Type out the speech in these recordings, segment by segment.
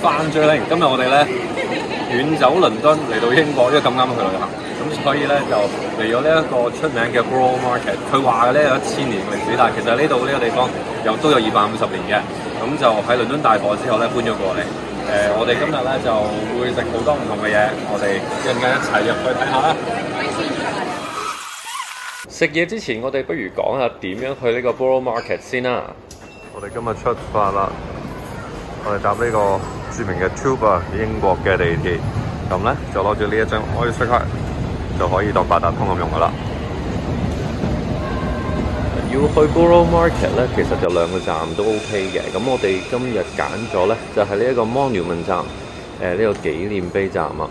翻 j i 今日我哋咧遠走倫敦嚟到英國，因為咁啱去旅行，咁所以咧就嚟咗呢一個出名嘅 Borough Market。佢話嘅咧有一千年歷史，但係其實呢度呢個地方又都有二百五十年嘅。咁就喺倫敦大火之後咧搬咗過嚟。誒、呃，我哋今日咧就會食好多唔同嘅嘢。我哋一陣間一齊入去睇下啦。食嘢之前，我哋不如講下點樣去呢個 Borough Market 先啦。我哋今日出發啦。我哋搭呢個著名嘅 Tube 啊，英國嘅地鐵，咁咧就攞住呢一張 Oyster Card，就可以當八達通咁用噶啦。要去 Borough Market 咧，其實就兩個站都 OK 嘅。咁我哋今日揀咗咧，就係呢一個 Monument 站，誒、呃、呢、這個紀念碑站啊。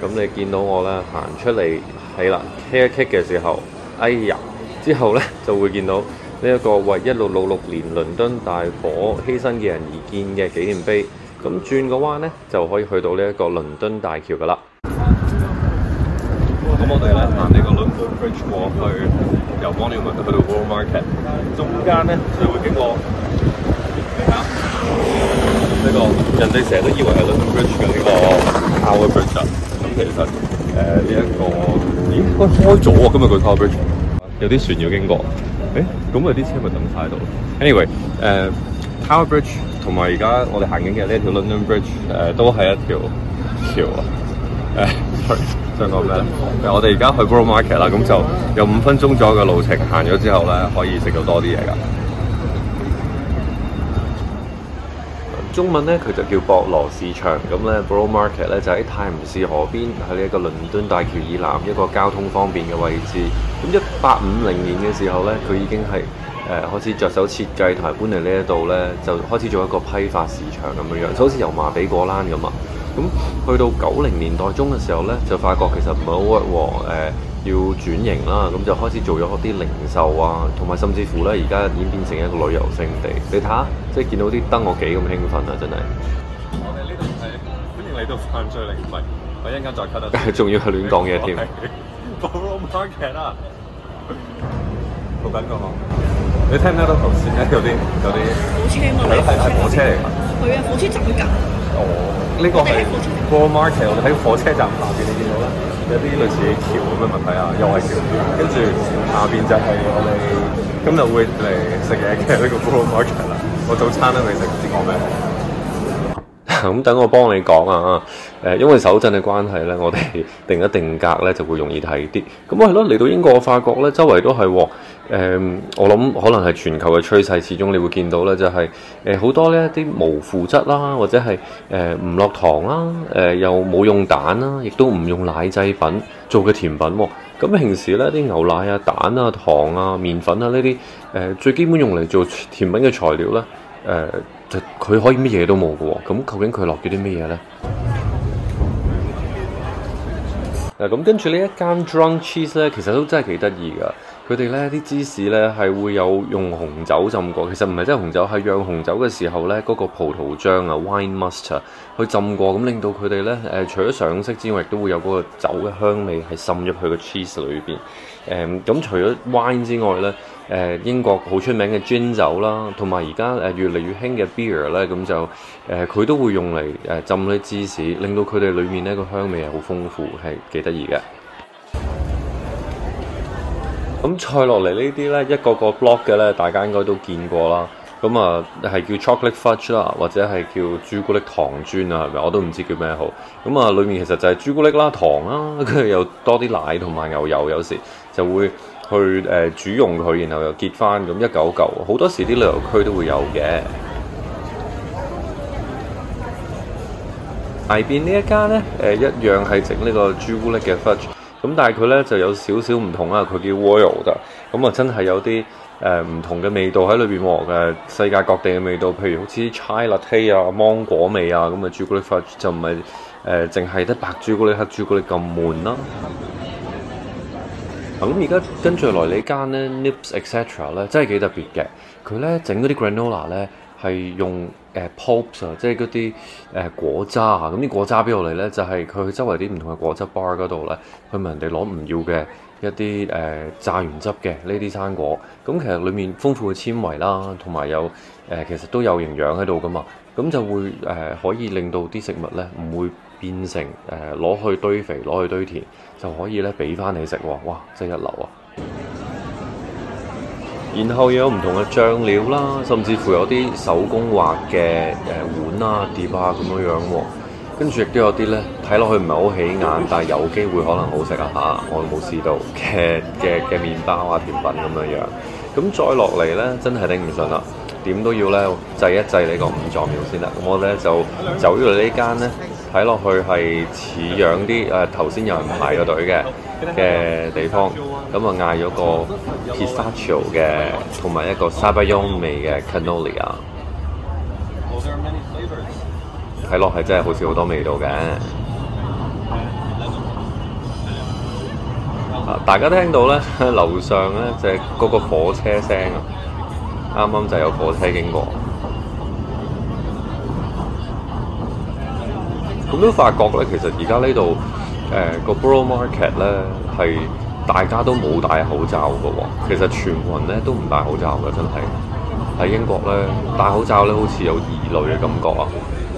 咁你見到我咧行出嚟，喺啦 K 一 K 嘅時候，哎呀，之後咧就會見到，呢、一個為1666年倫敦大火犧牲嘅人而建嘅紀念碑，咁轉個彎咧就可以去到呢一個倫敦大橋噶啦。咁我哋咧行呢個 London Bridge 過去，由 Monument 去到 Borough Market，中間咧就會經過呢、個，人哋成日都以為係 London Bridge 嘅呢個 Tower Bridge，咁其實誒呢一個，咦？喂，開咗啊！今日個 Tower Bridge，有啲船要經過。誒，咁啊啲車咪等晒喺度。anyway，誒、呃、，Tower Bridge 同埋而家我哋行緊嘅呢一條 London Bridge，誒、呃、都係一條橋。誒，呃、Sorry, 想講咩咧？我哋而家去 Borough Market 啦，咁就有五分鐘左右嘅路程，行咗之後咧可以食到多啲嘢噶。中文呢，佢就叫博羅市場，咁咧 Borough Market 咧就喺泰晤士河邊，喺呢一個倫敦大橋以南一個交通方便嘅位置。咁一八五零年嘅時候呢，佢已經係誒、呃、開始着手設計同埋搬嚟呢一度呢，就開始做一個批發市場，咁樣樣就好似油麻地果欄咁啊！咁去到九零年代中嘅時候呢，就發覺其實唔係好 work 喎、呃要轉型啦，咁就開始做咗啲零售啊，同埋甚至乎咧，而家演變變成一個旅遊勝地。你睇下，即係見到啲燈我幾咁興奮啊！真係。我哋呢度係歡迎嚟到犯罪靈魂。我一陣間再 cut 但係仲要係亂講嘢添。Borough Market 啊，好緊張嗬？你聽唔聽到頭先咧有啲有啲火車啊？佢係火車嚟㗎。佢啊，火車站嚟㗎。哦，呢、呢個係 Borough Market，我哋喺火車站下邊、這個，你見到啦。有啲類似的橋咁嘅問題啊，又係橋。跟住下邊就係我哋今日會嚟食嘢嘅呢個 Borough Market 啦。我早餐都未食，唔知講咩？咁、嗯、等我幫你講啊！誒，因為手震嘅關係咧，我哋定一定格咧就會容易睇啲。咁係咯，嚟到英國我發覺咧，周圍都係喎。誒、嗯，我諗可能係全球嘅趨勢，始終你會見到咧、就是，就係誒好多呢一啲無腐質啦，或者係誒唔落糖啦、啊，誒、呃、又冇用蛋啦、啊，亦都唔用奶製品做嘅甜品、哦。咁平時咧啲牛奶啊、蛋啊、糖啊、麵粉啊呢啲誒最基本用嚟做甜品嘅材料咧，誒、呃、就佢可以乜嘢都冇噶、哦。咁究竟佢落咗啲乜嘢咧？嗱，咁跟住呢一間 Drunk Cheese 咧，其實都真係幾得意噶。佢哋咧啲芝士咧係會有用紅酒浸過，其實唔係真係紅酒，係釀紅酒嘅時候咧嗰、嗰個葡萄漿啊 （wine must） 去浸過，咁令到佢哋咧除咗上色之外，亦都會有嗰個酒嘅香味係滲入去個 cheese 裏邊。咁、嗯、除咗 wine 之外咧，英國好出名嘅 gin 酒啦，同埋而家越嚟越興嘅 beer 咧，咁就佢都會用嚟浸啲芝士，令到佢哋裏面咧、個香味係好豐富，係幾得意嘅。咁再落嚟呢啲呢，一個個 block 嘅呢，大家應該都見過啦。咁啊，係叫 chocolate fudge 啦，或者係叫朱古力糖磚啊，係咪？我都唔知叫咩好。咁啊，裡面其實就係朱古力啦、糖啦，跟住又多啲奶同埋牛油，有時就會去誒、呃、煮溶佢，然後又結翻咁一嚿嚿。好多時啲旅遊區都會有嘅。挨邊呢一間呢，誒、呃、一樣係整呢個朱古力嘅 fudge。咁但係佢咧就有少少唔同啊，佢叫 wool 嘅，咁啊真係有啲誒唔同嘅味道喺裏邊和嘅世界各地嘅味道，譬如好似 chai tea 啊、芒果味啊，咁、呃、啊朱古力 fudge 就唔係誒淨係得白朱古力黑朱古力咁悶啦。咁、嗯、而、嗯、家跟住嚟呢間咧 Nips etc 咧真係幾特別嘅，佢咧整嗰啲 granola 咧係用，誒 pops 啊，即係嗰啲誒果渣啊，咁啲果渣邊度嚟咧？就係、是、佢周圍啲唔同嘅果汁 bar 嗰度咧，佢問人哋攞唔要嘅一啲誒榨完汁嘅呢啲生果。咁其實裡面豐富嘅纖維啦，同埋有誒、uh, 其實都有營養喺度㗎嘛。咁就會誒、uh, 可以令到啲食物咧唔會變成誒攞、uh, 去堆肥攞去堆填就可以咧俾返你食喎。哇，真係一流啊！然後有唔同嘅醬料啦，甚至乎有啲手工畫嘅誒碗啊碟啊咁樣喎、啊，跟住亦都有啲咧睇落去唔係好起眼，但係有機會可能好食啊，吓，我冇試到嘅嘅嘅麵包啊甜品咁樣樣，咁再落嚟咧真係頂唔順啦，點都要咧祭一祭你個五臟廟先啦，咁我咧就走咗呢間咧。睇落去係似樣啲，誒頭先有人排個隊嘅嘅地方，咁啊嗌咗個 pistachio 嘅，同埋一個 Sabayon 味嘅 cannoli。睇落係真係好似好多味道嘅。啊，大家聽到咧、哦，樓上咧就係、是、嗰個火車聲啊，啱啱就有火車經過。咁都發覺咧，其實而家、呃、呢度個 Borough Market 咧係大家都冇戴口罩噶喎、哦。其實全部人咧都唔戴口罩噶，真係喺英國咧戴口罩咧好似有異類嘅感覺啊！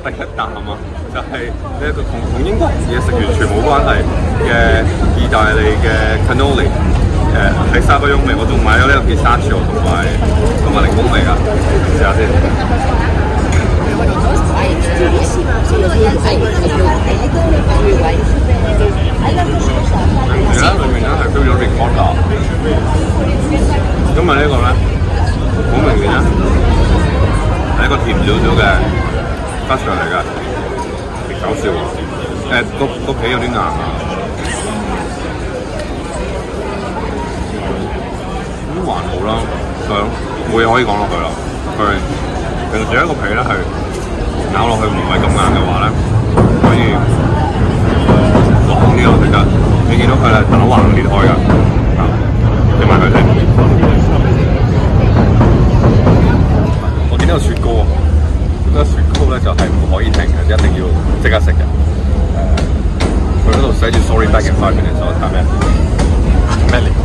第一啖啊、就是，就係呢一個同英國嘢食完全冇關係嘅意大利嘅 Cannoli 喺、呃、係三個種味，我仲買咗呢個 pistachio 同埋同埋檸檬味啊！試下先。好明顯啊！係一個甜少少嘅吉常嚟噶，勁搞笑喎！誒，個個皮有啲硬啊，咁還好啦，係咯，冇嘢可以講落去啦，係。其實第一個皮咧係。咬落去唔係咁硬嘅話咧，以空可以講啲嘢食嘅。你見到佢啦，打橫裂開嘅。你埋佢先。我見到雪糕，呢個雪糕咧就係、是、唔可以停嘅，一定要即刻食嘅。佢嗰度寫住 Sorry Back In Five Minutes，做緊咩？咩 嚟樂？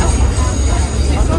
you,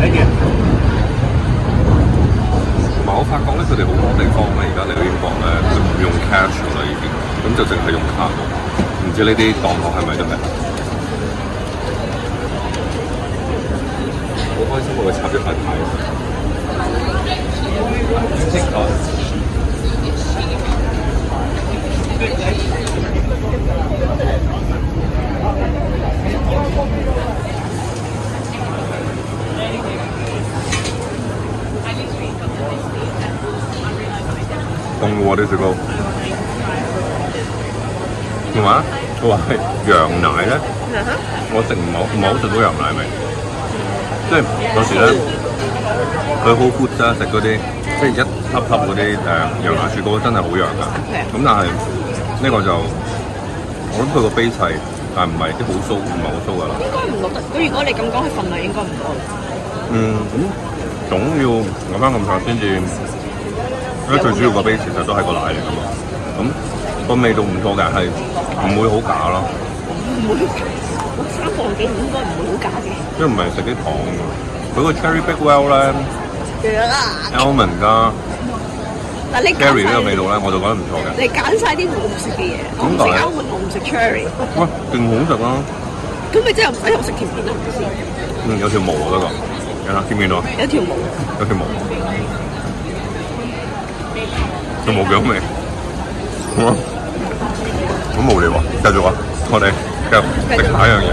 好係，我發覺咧，佢哋好多地方呢，而家嚟到英國咧，就唔用 cash 啦，已經，咁就淨係用卡。唔知呢啲檔口係咪得嘅？好開心，我插一塊牌。 食過，係嘛？佢話係羊奶咧，我食唔好，唔係好食到羊奶味。即係有時咧，佢好 good 啦，食嗰啲即係一粒粒嗰啲誒羊奶雪糕，真係好羊噶。咁但係呢個就，我諗佢個 basis，但唔係啲好酥，唔係好酥噶啦。應該唔落得。咁如果你咁講，佢份量應該唔落。嗯，總要我翻咁多先至。咧最主要個 base 其實都係個奶嚟噶嘛，咁個味道唔錯嘅，係唔會好假咯。唔會，三個幾應該唔會好假嘅。即唔係食啲糖佢、佢個 cherry Bakewell 咧 almond 噶，但係 cherry 呢個味道咧，我就覺得唔錯嘅。你揀晒啲我唔食嘅嘢，咁食 almond 我唔食 cherry。喂、欸，勁好食咯！咁咪即係唔使食甜品啦，唔好意思。有條毛啊，嗰、嗰個有啦，見唔見到？有一條毛、啊，有一條毛、啊。都冇咁味，好啊！好無聊啊。繼續啊！我哋繼續食下一樣嘢。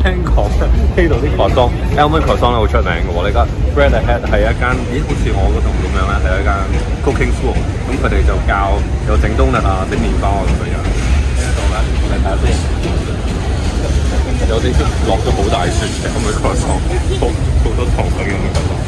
聽講呢度啲餃子，Element 餃子好出名嘅喎。呢間 Bread Ahead 係一間，咦，好似我嗰度咁樣啦，係一間 cooking school。咁佢哋就教有整冬日啊，整麵包啊嗰類啊。聽到啦，嚟睇先。有啲落咗好大雪嘅 Element 餃子，好好多糖咁樣嘅感覺。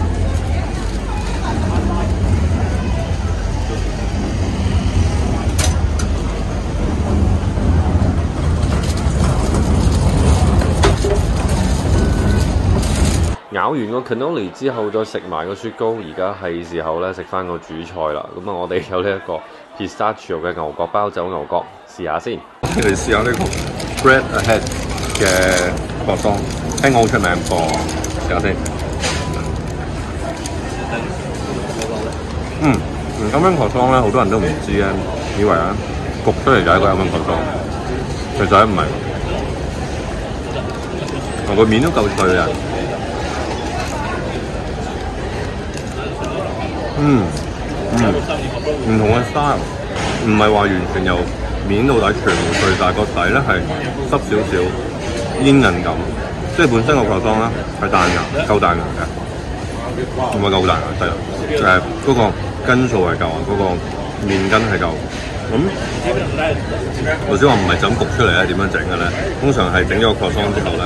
咬完個 cannoli 之後，再食埋個雪糕，而家係時候咧食翻個主菜啦。咁啊，我哋有呢一個 pistachio 嘅牛角包，走牛角試一下先。嚟試下呢個 bread ahead 嘅焗湯，聽講好出名噃。聽我出名的嗯，咁英文焗湯咧，好多人都唔知啊。以為啊焗出嚟就係一個英文焗湯，其實唔係。同個面都夠脆啊！嗯嗯，唔、嗯、同嘅霜，唔係話完全由面到底全部最大個個底咧係濕少少，煙韌感，即係本身、呃嗰個角霜呢係彈牙，夠彈牙嘅，係係夠彈牙？得啊，誒，嗰個筋數係夠啊，嗰個麵筋係夠。咁頭先話唔係就咁焗出嚟咧，點樣整嘅咧？通常係整咗個角霜之後咧，誒、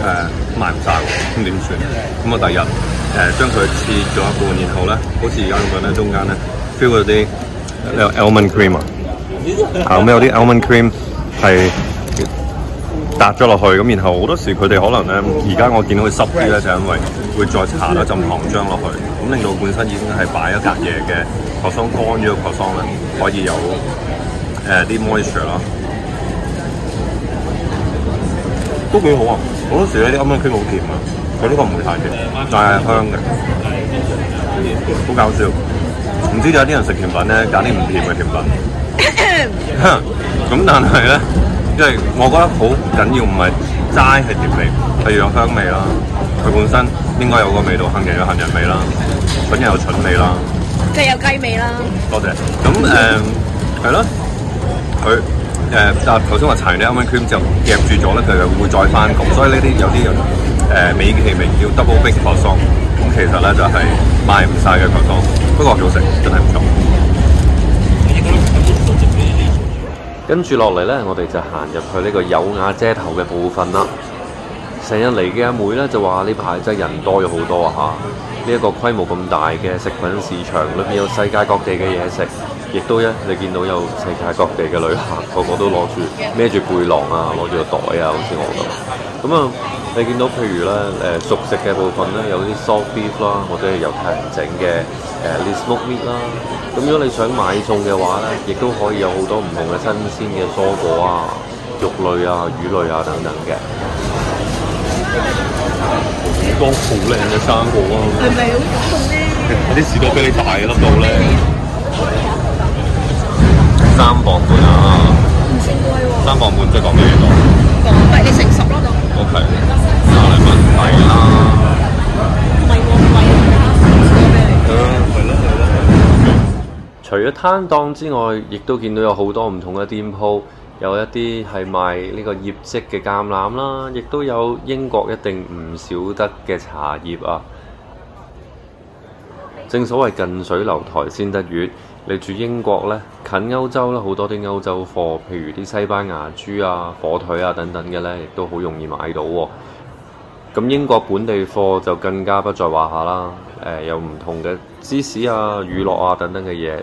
呃，賣唔晒。咁點算？咁啊，第二日。將佢切咗一半，然後咧，好似而家咁樣咧，中間咧，feel 到啲 almond cream 啊，後尾有啲 almond cream 係搭咗落去，咁然後好多時佢哋可能咧，而家我見到佢濕啲咧，就係因為會再搽咗浸糖漿落去，咁令到本身已經係擺一格嘢嘅殼霜乾咗嘅殼霜，咧，可以有啲 moisture 咯，都幾好啊！好多時咧啲 almond cream 好甜啊。佢呢個唔會太甜，但係香嘅，好搞笑。唔知有啲人食甜品咧，揀啲唔甜嘅甜品。咁但係咧，即係我覺得好緊要，唔係齋係甜味，係要有香味啦。佢本身應該有個味道，杏仁有杏仁味啦，筍又有筍味啦，即係有雞味啦。多謝。咁誒係咯，佢誒，但係頭先話搽完啲 aven cream 之後夾住咗咧，佢又會再翻，咁所以呢啲有啲人。誒、呃、美其名叫 Double Baked Croissant，咁其實咧就係賣唔晒嘅 Croissant，不過好食，真係唔錯。跟住落嚟咧，我哋就行入去呢個有瓦遮頭嘅部分啦。成日嚟嘅阿妹咧就話：呢排真係人多咗好多嚇，呢、啊、一、個規模咁大嘅食品市場，裏面有世界各地嘅嘢食。亦都一，你見到有世界各地嘅旅客，個個都攞住孭住背囊啊，攞住個袋啊，好似我咁。咁啊，你見到譬如咧，熟食嘅部分咧，有啲 soft beef 啦，或者係猶太人整嘅誒 list meat 啦。咁、呃、如果你想買餸嘅話咧，亦都可以有好多唔同嘅新鮮嘅蔬果啊、肉類啊、魚類啊等等嘅。好多好靚嘅生果啊！係咪好重咧？啲士多啤梨大粒到咧！三磅半啊！唔算貴三磅半即係講咩嘢？講唔係你成十咯就。O、okay、K。三零蚊啦。係、啊、我貴、啊啊啊啊啊啊啊、除咗攤檔之外，亦都見到有好多唔同嘅店鋪，有一啲係賣呢個業績嘅橄欖啦，亦都有英國一定唔少得嘅茶葉啊。正所謂近水樓台先得月。你住英國呢，近歐洲啦，好多啲歐洲貨，譬如啲西班牙豬啊、火腿啊等等嘅呢，亦都好容易買到喎、哦。咁英國本地貨就更加不在話下啦。誒、呃，有唔同嘅芝士啊、乳酪啊等等嘅嘢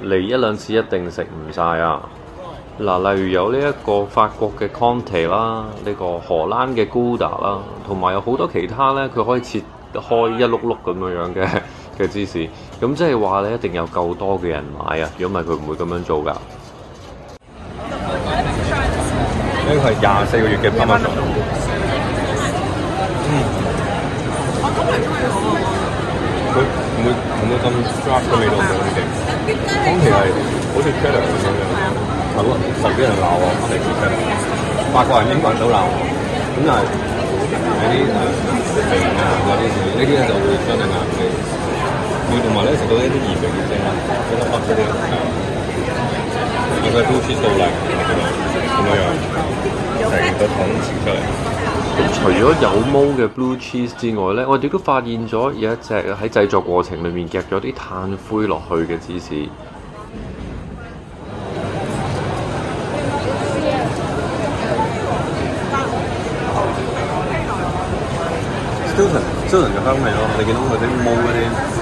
嚟一兩次一定食唔晒啊。嗱、啊，例如有呢一個法國嘅 Comte 啦，呢、這個荷蘭嘅 Gouda 啦，同埋有好多其他呢，佢可以切開一碌碌咁樣樣嘅嘅芝士。咁即係話咧，一定有夠多嘅人買啊！如果唔係，佢唔會咁樣做噶。呢個係廿四個月嘅品嚐。嗯。我今日都係好啊。佢唔會唔會咁 dry 嘅味道嘅？當其係好似 Taylor 咁樣，好啊！受啲人鬧我，翻嚟試聽。法國人、英國人都鬧我。咁啊，嗰啲啊，嗰啲啊，嗰啲啊，就會真係鬧。佢同埋咧食到一啲異味嘅聲音，嗰啲白色嘅，佢嘅 Blue Cheese 素嚟，咁樣樣成個桶出嚟。除咗有毛嘅 Blue Cheese 之外咧，我哋都發現咗有一隻喺製作過程裏面夾咗啲碳灰落去嘅芝士。Stilton，Stilton 嘅香味咯，你見到佢啲毛嗰啲。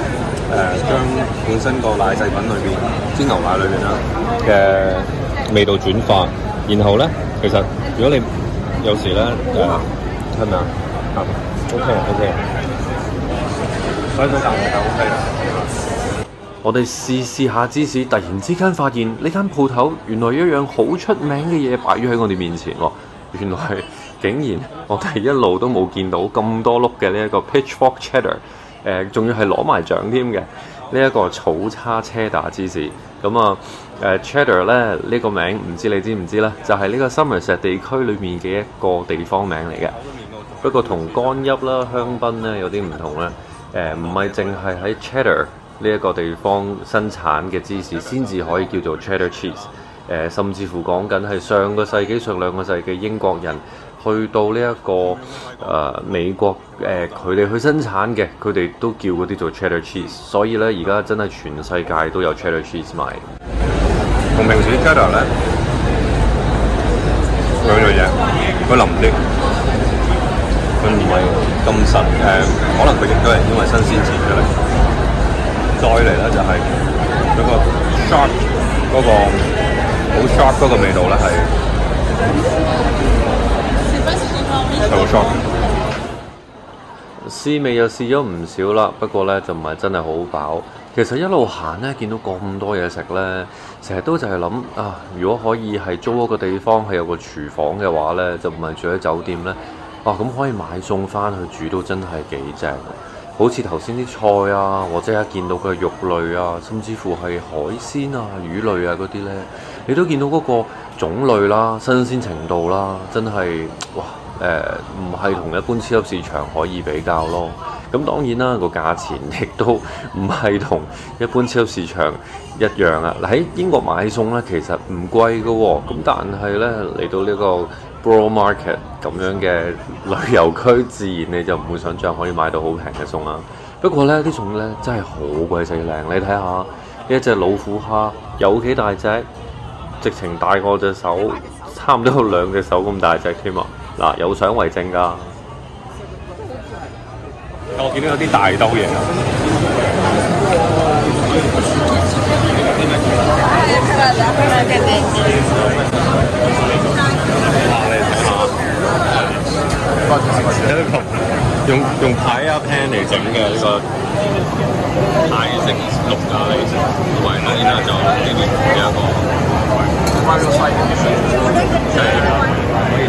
誒、呃，將本身個奶製品裏邊，煎牛奶裏邊啦嘅味道轉化，然後咧，其實如果你有時咧，係咪啊？啊，O K O K，想唔想啖嘢就 O K。我哋試試一下芝士，突然之間發現呢間鋪頭原來有一樣好出名嘅嘢擺於喺我哋面前。哦、原來竟然我哋一路都冇見到咁多碌嘅呢一個 Pitchfork Cheddar。誒、呃，仲要係攞埋獎添嘅呢一個草叉車打芝士，咁啊誒，Cheddar 咧呢、呢個名唔知你知唔知咧？就係、是、呢個 Somerset 地區裏面嘅一個地方名嚟嘅。不過同干邑啦、香檳咧有啲唔同啦。誒、呃，唔係淨係喺 Cheddar 呢一個地方生產嘅芝士先至可以叫做 Cheddar cheese、呃。誒，甚至乎講緊係上個世紀上兩個世紀英國人。去到呢、這、一個誒、呃、美國誒佢哋去生產嘅，佢哋都叫嗰啲做 cheddar cheese，所以咧而家真係全世界都有 cheddar cheese 賣。同平時的 cheddar 咧，兩樣嘢，佢淋啲佢唔係咁實，誒，可能佢亦都係因為新鮮切出嚟。再嚟咧就係嗰個 sharp 嗰個好 sharp 嗰個味道咧係。是試味又試咗唔少啦，不過呢，就唔係真係好飽。其實一路行呢，見到咁多嘢食呢，成日都就係諗啊，如果可以係租一個地方，係有個廚房嘅話呢，就唔係住喺酒店呢。哇、啊！咁可以買餸翻去煮都真係幾正的。好似頭先啲菜啊，或者一見到佢嘅肉類啊，甚至乎係海鮮啊、魚類啊嗰啲呢，你都見到嗰個種類啦、新鮮程度啦，真係哇！誒，唔係同一般超級市場可以比較咯，咁當然啦，個價錢亦都唔係同一般超級市場一樣啊！喺英國買餸咧，其實唔貴嘅喎，咁但係咧，嚟到呢個 Borough Market 咁樣嘅旅遊區，自然你就唔會想象可以買到好平嘅餸啦。不過咧，啲餸咧，真係好鬼死靚，你睇下呢一隻老虎蝦有幾大隻，直情大過隻手，差唔多有兩隻手咁大隻添啊！嗱，有相為證㗎。我見到有啲大兜型。用用牌啊 pan 嚟整嘅呢個泰式綠咖喱，同埋呢啲就椰果。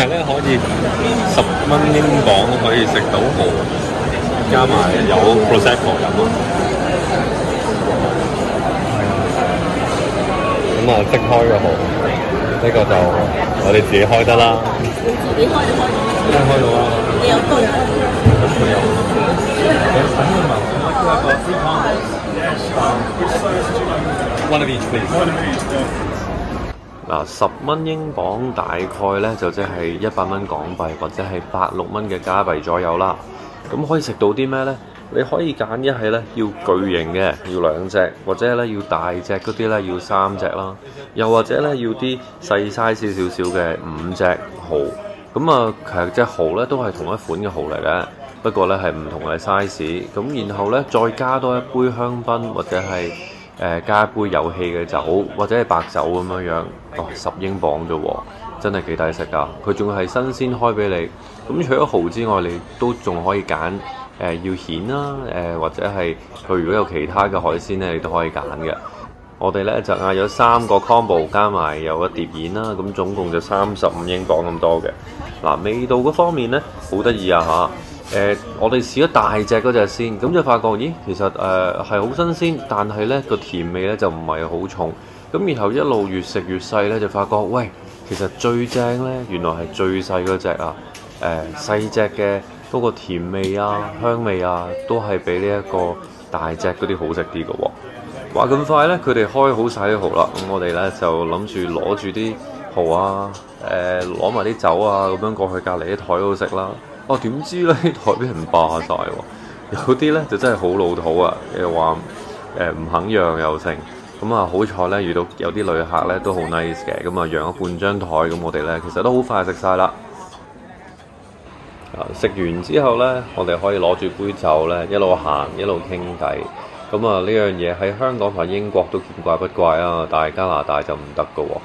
係、嗯、咧，可以十蚊英鎊可以食到、啊、蠔，加埋有 prosecco 飲咁啊，即開嘅蠔。呢個就我哋自己開得啦。自己開就開到，開到啊！有冇？一一個啊，十蚊英鎊大概咧就即係一百蚊港幣或者係八六蚊嘅加幣左右啦。咁可以食到啲咩呢？你可以揀一係咧要巨型嘅，要兩隻；或者咧要大隻嗰啲咧要三隻咯。又或者咧要啲細 size 少少嘅五隻蠔。咁啊，其實隻蠔咧都係同一款嘅蠔嚟嘅，不過咧係唔同嘅 size。咁然後咧再加多一杯香檳或者係。誒加一杯有氣嘅酒，或者係白酒咁樣樣，哦十英鎊啫喎，真係幾抵食㗎！佢仲係新鮮開俾你，咁除咗蠔之外，你都仲可以揀誒、呃、要蜆啦、啊，誒、呃、或者係佢如果有其他嘅海鮮咧，你都可以揀嘅。我哋咧就嗌咗三個 combo，加埋有一碟蜆啦，咁總共就三十五英鎊咁多嘅。嗱、呃，味道嗰方面咧，好得意啊嚇！誒、呃，我哋試咗大隻嗰隻先，咁就發覺，咦，其實誒係好新鮮，但係呢個甜味呢就唔係好重。咁然後一路越食越細呢，就發覺，喂，其實最正呢，原來係最細嗰隻啊！誒、呃、細隻嘅嗰個甜味啊、香味啊，都係比呢一個大隻嗰啲好食啲嘅喎。話咁快呢，佢哋開好曬啲蠔啦，咁我哋呢就諗住攞住啲蠔啊，誒攞埋啲酒啊，咁樣過去隔離啲枱度食啦。我、啊、點知呢台俾人霸晒喎，有啲呢就真係好老土啊！又話唔肯讓又剩，咁啊好彩呢遇到有啲旅客呢都好 nice 嘅，咁啊讓咗半張台，咁我哋呢其實都好快食曬啦。食、啊、完之後呢，我哋可以攞住杯酒呢一路行一路傾偈。咁啊呢樣嘢喺香港同英國都見怪不怪啊，但係加拿大就唔得㗎喎。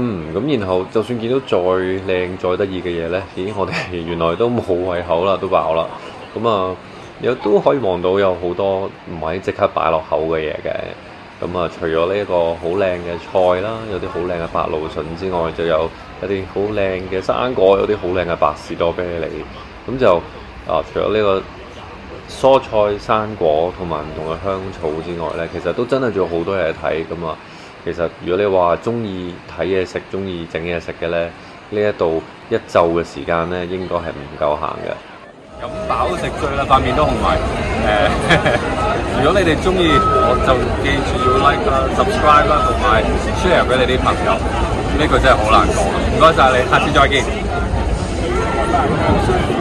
嗯，咁然後就算見到再靚再得意嘅嘢呢，已經我哋原來都冇胃口啦，都飽啦。咁啊，有都可以望到有好多唔係即刻擺落口嘅嘢嘅。咁啊，除咗呢一個好靚嘅菜啦，有啲好靚嘅白蘆筍之外，就有一啲好靚嘅生果，有啲好靚嘅白士多啤梨。咁就啊，除咗呢個蔬菜、生果同埋唔同嘅香草之外呢，其實都真係仲有好多嘢睇咁嘛。其實，如果你話中意睇嘢食、中意整嘢食嘅咧，呢一度一晝嘅時間咧，應該係唔夠行嘅。飲飽食醉啦，塊面都紅埋。誒，如果你哋中意，我就記住要 like subscribe 啦，同埋 share 俾你啲朋友。呢句真係好難講。唔該晒你，下次再見。拜拜。